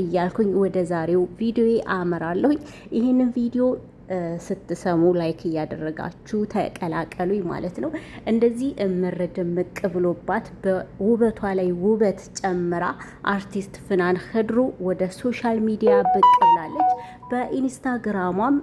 እያልኩኝ ወደ ዛሬው ቪዲዮ አመራለሁኝ። ይህንን ቪዲዮ ስትሰሙ ላይክ እያደረጋችሁ ተቀላቀሉኝ ማለት ነው። እንደዚህ እምር ድምቅ ብሎባት በውበቷ ላይ ውበት ጨምራ አርቲስት ፍናን ኸድሩ ወደ ሶሻል ሚዲያ ብቅ ብላለች። በኢንስታግራሟም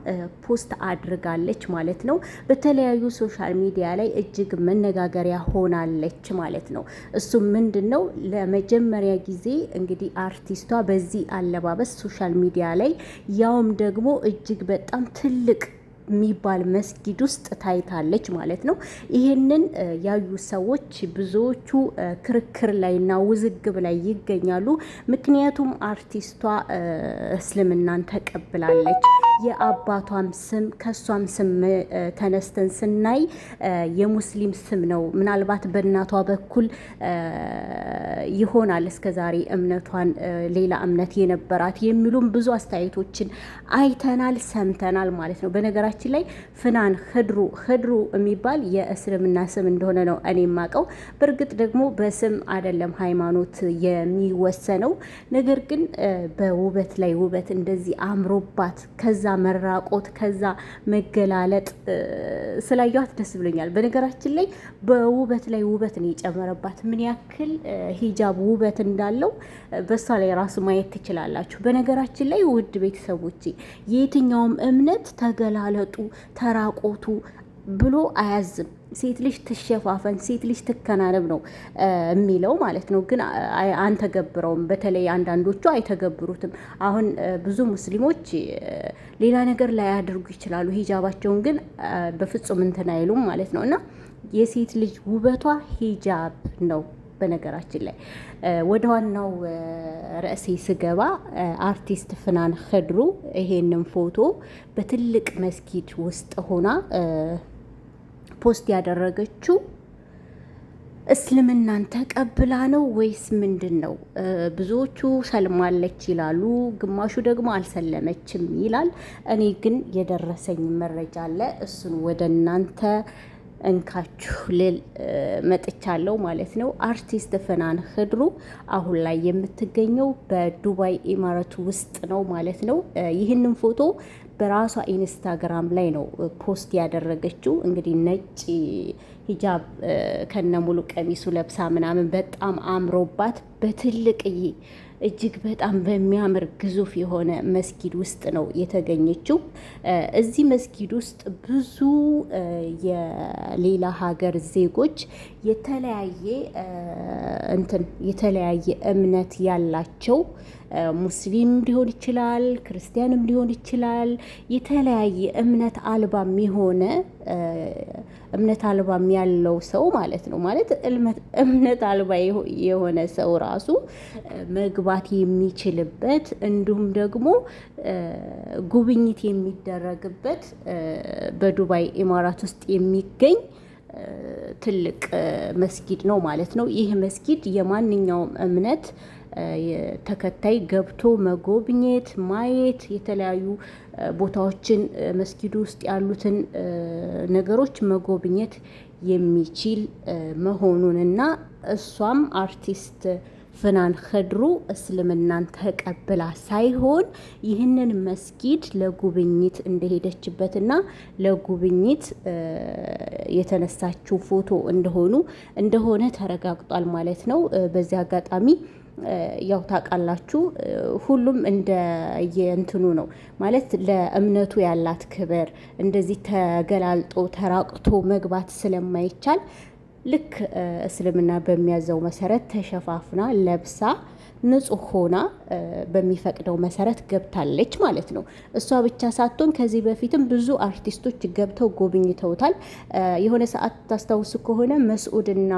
ፖስት አድርጋለች ማለት ነው። በተለያዩ ሶሻል ሚዲያ ላይ እጅግ መነጋገሪያ ሆናለች ማለት ነው። እሱም ምንድን ነው ለመጀመሪያ ጊዜ እንግዲህ አርቲስቷ በዚህ አለባበስ ሶሻል ሚዲያ ላይ ያውም ደግሞ እጅግ በጣም ትልቅ የሚባል መስጊድ ውስጥ ታይታለች ማለት ነው። ይህንን ያዩ ሰዎች ብዙዎቹ ክርክር ላይና ውዝግብ ላይ ይገኛሉ። ምክንያቱም አርቲስቷ እስልምናን ተቀብላለች። የአባቷም ስም ከእሷም ስም ተነስተን ስናይ የሙስሊም ስም ነው። ምናልባት በእናቷ በኩል ይሆናል እስከ ዛሬ እምነቷን ሌላ እምነት የነበራት የሚሉም ብዙ አስተያየቶችን አይተናል ሰምተናል ማለት ነው። በነገራችን ላይ ፍናን ህድሩ ህድሩ የሚባል የእስልምና ስም እንደሆነ ነው እኔ የማውቀው። በእርግጥ ደግሞ በስም አይደለም ሃይማኖት የሚወሰነው ነገር ግን በውበት ላይ ውበት እንደዚህ አምሮባት ከዛ መራቆት ከዛ መገላለጥ ስላየኋት ደስ ብሎኛል። በነገራችን ላይ በውበት ላይ ውበት ነው የጨመረባት ምን ያክል ሂጃብ ውበት እንዳለው በሷ ላይ ራሱ ማየት ትችላላችሁ። በነገራችን ላይ ውድ ቤተሰቦች የትኛውም እምነት ተገላለጡ፣ ተራቆቱ ብሎ አያዝም። ሴት ልጅ ትሸፋፈን፣ ሴት ልጅ ትከናነብ ነው የሚለው ማለት ነው። ግን አንተገብረውም። በተለይ አንዳንዶቹ አይተገብሩትም። አሁን ብዙ ሙስሊሞች ሌላ ነገር ላያደርጉ ይችላሉ። ሂጃባቸውን ግን በፍጹም እንትን አይሉም ማለት ነው እና የሴት ልጅ ውበቷ ሂጃብ ነው። በነገራችን ላይ ወደ ዋናው ርዕሴ ስገባ አርቲስት ፍናን ኸድሩ ይሄንን ፎቶ በትልቅ መስጊድ ውስጥ ሆና ፖስት ያደረገችው እስልምናን ተቀብላ ነው ወይስ ምንድን ነው? ብዙዎቹ ሰልማለች ይላሉ፣ ግማሹ ደግሞ አልሰለመችም ይላል። እኔ ግን የደረሰኝ መረጃ አለ፣ እሱን ወደ እናንተ እንካችሁ ልል መጥቻለሁ ማለት ነው። አርቲስት ፍናን ህድሩ አሁን ላይ የምትገኘው በዱባይ ኢማራት ውስጥ ነው ማለት ነው። ይህንን ፎቶ በራሷ ኢንስታግራም ላይ ነው ፖስት ያደረገችው። እንግዲህ ነጭ ሂጃብ ከነሙሉ ቀሚሱ ለብሳ ምናምን በጣም አምሮባት በትልቅዬ እጅግ በጣም በሚያምር ግዙፍ የሆነ መስጊድ ውስጥ ነው የተገኘችው። እዚህ መስጊድ ውስጥ ብዙ የሌላ ሀገር ዜጎች የተለያየ እንትን የተለያየ እምነት ያላቸው ሙስሊም ሊሆን ይችላል፣ ክርስቲያንም ሊሆን ይችላል። የተለያየ እምነት አልባም የሆነ እምነት አልባም ያለው ሰው ማለት ነው። ማለት እምነት አልባ የሆነ ሰው ራሱ መግባት የሚችልበት እንዲሁም ደግሞ ጉብኝት የሚደረግበት በዱባይ ኢማራት ውስጥ የሚገኝ ትልቅ መስጊድ ነው ማለት ነው። ይህ መስጊድ የማንኛውም እምነት ተከታይ ገብቶ መጎብኘት፣ ማየት የተለያዩ ቦታዎችን መስጊዱ ውስጥ ያሉትን ነገሮች መጎብኘት የሚችል መሆኑን እና እሷም አርቲስት ፍናን ከድሩ እስልምናን ተቀብላ ሳይሆን ይህንን መስጊድ ለጉብኝት እንደሄደችበትና ለጉብኝት የተነሳችው ፎቶ እንደሆኑ እንደሆነ ተረጋግጧል ማለት ነው። በዚህ አጋጣሚ ያው ታውቃላችሁ፣ ሁሉም እንደ የእንትኑ ነው ማለት ለእምነቱ ያላት ክብር እንደዚህ ተገላልጦ ተራቅቶ መግባት ስለማይቻል ልክ እስልምና በሚያዘው መሰረት ተሸፋፍና ለብሳ ንጹህ ሆና በሚፈቅደው መሰረት ገብታለች ማለት ነው። እሷ ብቻ ሳትሆን ከዚህ በፊትም ብዙ አርቲስቶች ገብተው ጎብኝተውታል። የሆነ ሰዓት ታስታውሱ ከሆነ መስዑድና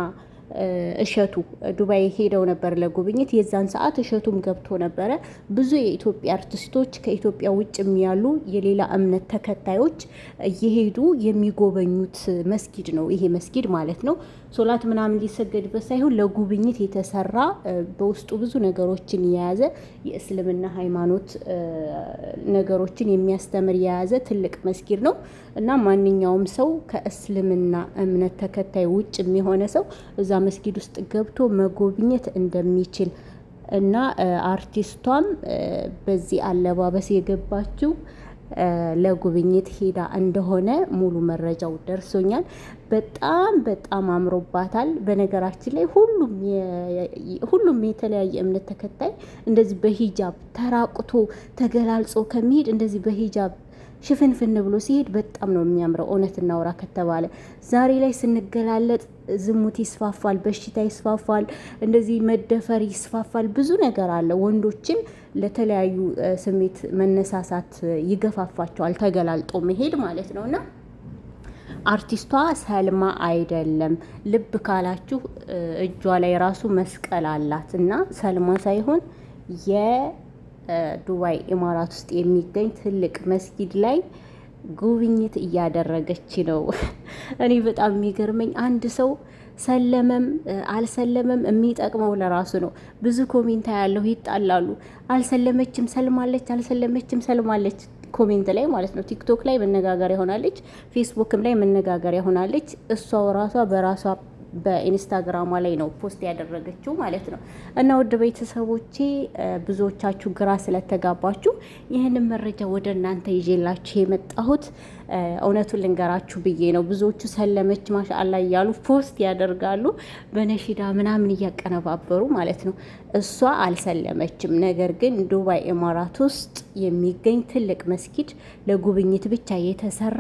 እሸቱ ዱባይ ሄደው ነበር ለጉብኝት። የዛን ሰዓት እሸቱም ገብቶ ነበረ። ብዙ የኢትዮጵያ አርቲስቶች ከኢትዮጵያ ውጭም ያሉ የሌላ እምነት ተከታዮች እየሄዱ የሚጎበኙት መስጊድ ነው ይሄ መስጊድ ማለት ነው። ሶላት ምናምን ሊሰገድበት ሳይሆን ለጉብኝት የተሰራ በውስጡ ብዙ ነገሮችን የያዘ የእስልምና ሃይማኖት ነገሮችን የሚያስተምር የያዘ ትልቅ መስጊድ ነው እና ማንኛውም ሰው ከእስልምና እምነት ተከታይ ውጭ የሚሆነ ሰው እዛ መስጊድ ውስጥ ገብቶ መጎብኘት እንደሚችል እና አርቲስቷም በዚህ አለባበስ የገባችው ለጉብኝት ሄዳ እንደሆነ ሙሉ መረጃው ደርሶኛል። በጣም በጣም አምሮባታል። በነገራችን ላይ ሁሉም የተለያየ እምነት ተከታይ እንደዚህ በሂጃብ ተራቁቶ ተገላልጾ ከሚሄድ እንደዚህ በሂጃብ ሽፍንፍን ብሎ ሲሄድ በጣም ነው የሚያምረው። እውነት እናውራ ከተባለ ዛሬ ላይ ስንገላለጥ ዝሙት ይስፋፋል፣ በሽታ ይስፋፋል፣ እንደዚህ መደፈር ይስፋፋል። ብዙ ነገር አለ። ወንዶችን ለተለያዩ ስሜት መነሳሳት ይገፋፋቸዋል፣ ተገላልጦ መሄድ ማለት ነው እና አርቲስቷ ሰልማ አይደለም። ልብ ካላችሁ እጇ ላይ ራሱ መስቀል አላት እና ሰልማ ሳይሆን የ ዱባይ ኢማራት ውስጥ የሚገኝ ትልቅ መስጊድ ላይ ጉብኝት እያደረገች ነው። እኔ በጣም የሚገርመኝ አንድ ሰው ሰለመም አልሰለመም የሚጠቅመው ለራሱ ነው። ብዙ ኮሜንታ ያለው ይጣላሉ። አልሰለመችም ሰልማለች፣ አልሰለመችም ሰልማለች ኮሜንት ላይ ማለት ነው። ቲክቶክ ላይ መነጋገሪያ ሆናለች፣ ፌስቡክም ላይ መነጋገሪያ ሆናለች። እሷው ራሷ በራሷ በኢንስታግራሟ ላይ ነው ፖስት ያደረገችው ማለት ነው። እና ውድ ቤተሰቦቼ ብዙዎቻችሁ ግራ ስለተጋባችሁ ይህንን መረጃ ወደ እናንተ ይዤላችሁ የመጣሁት እውነቱን ልንገራችሁ ብዬ ነው። ብዙዎቹ ሰለመች ማሻአላ እያሉ ፖስት ያደርጋሉ በነሺዳ ምናምን እያቀነባበሩ ማለት ነው። እሷ አልሰለመችም። ነገር ግን ዱባይ ኢማራት ውስጥ የሚገኝ ትልቅ መስጊድ ለጉብኝት ብቻ የተሰራ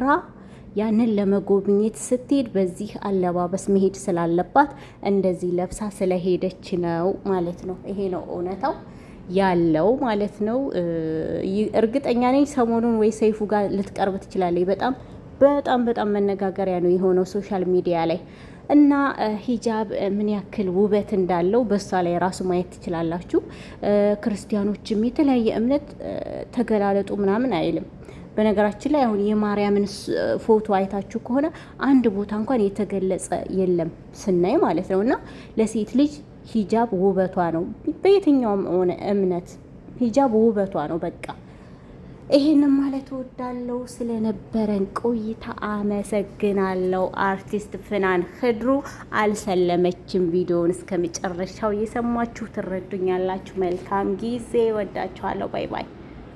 ያንን ለመጎብኘት ስትሄድ በዚህ አለባበስ መሄድ ስላለባት እንደዚህ ለብሳ ስለሄደች ነው ማለት ነው። ይሄ ነው እውነታው ያለው ማለት ነው። እርግጠኛ ነኝ ሰሞኑን ወይ ሰይፉ ጋር ልትቀርብ ትችላለች። በጣም በጣም በጣም መነጋገሪያ ነው የሆነው ሶሻል ሚዲያ ላይ እና ሂጃብ ምን ያክል ውበት እንዳለው በሷ ላይ ራሱ ማየት ትችላላችሁ። ክርስቲያኖችም የተለያየ እምነት ተገላለጡ ምናምን አይልም። በነገራችን ላይ አሁን የማርያምን ፎቶ አይታችሁ ከሆነ አንድ ቦታ እንኳን የተገለጸ የለም ስናይ ማለት ነው። እና ለሴት ልጅ ሂጃብ ውበቷ ነው። በየትኛውም ሆነ እምነት ሂጃብ ውበቷ ነው። በቃ ይህንም ማለት ወዳለው ስለነበረን ቆይታ አመሰግናለሁ። አርቲስት ፍናን ህድሩ አልሰለመችም። ቪዲዮውን እስከ መጨረሻው እየሰማችሁ ትረዱኛላችሁ። መልካም ጊዜ። ወዳችኋለሁ። ባይ ባይ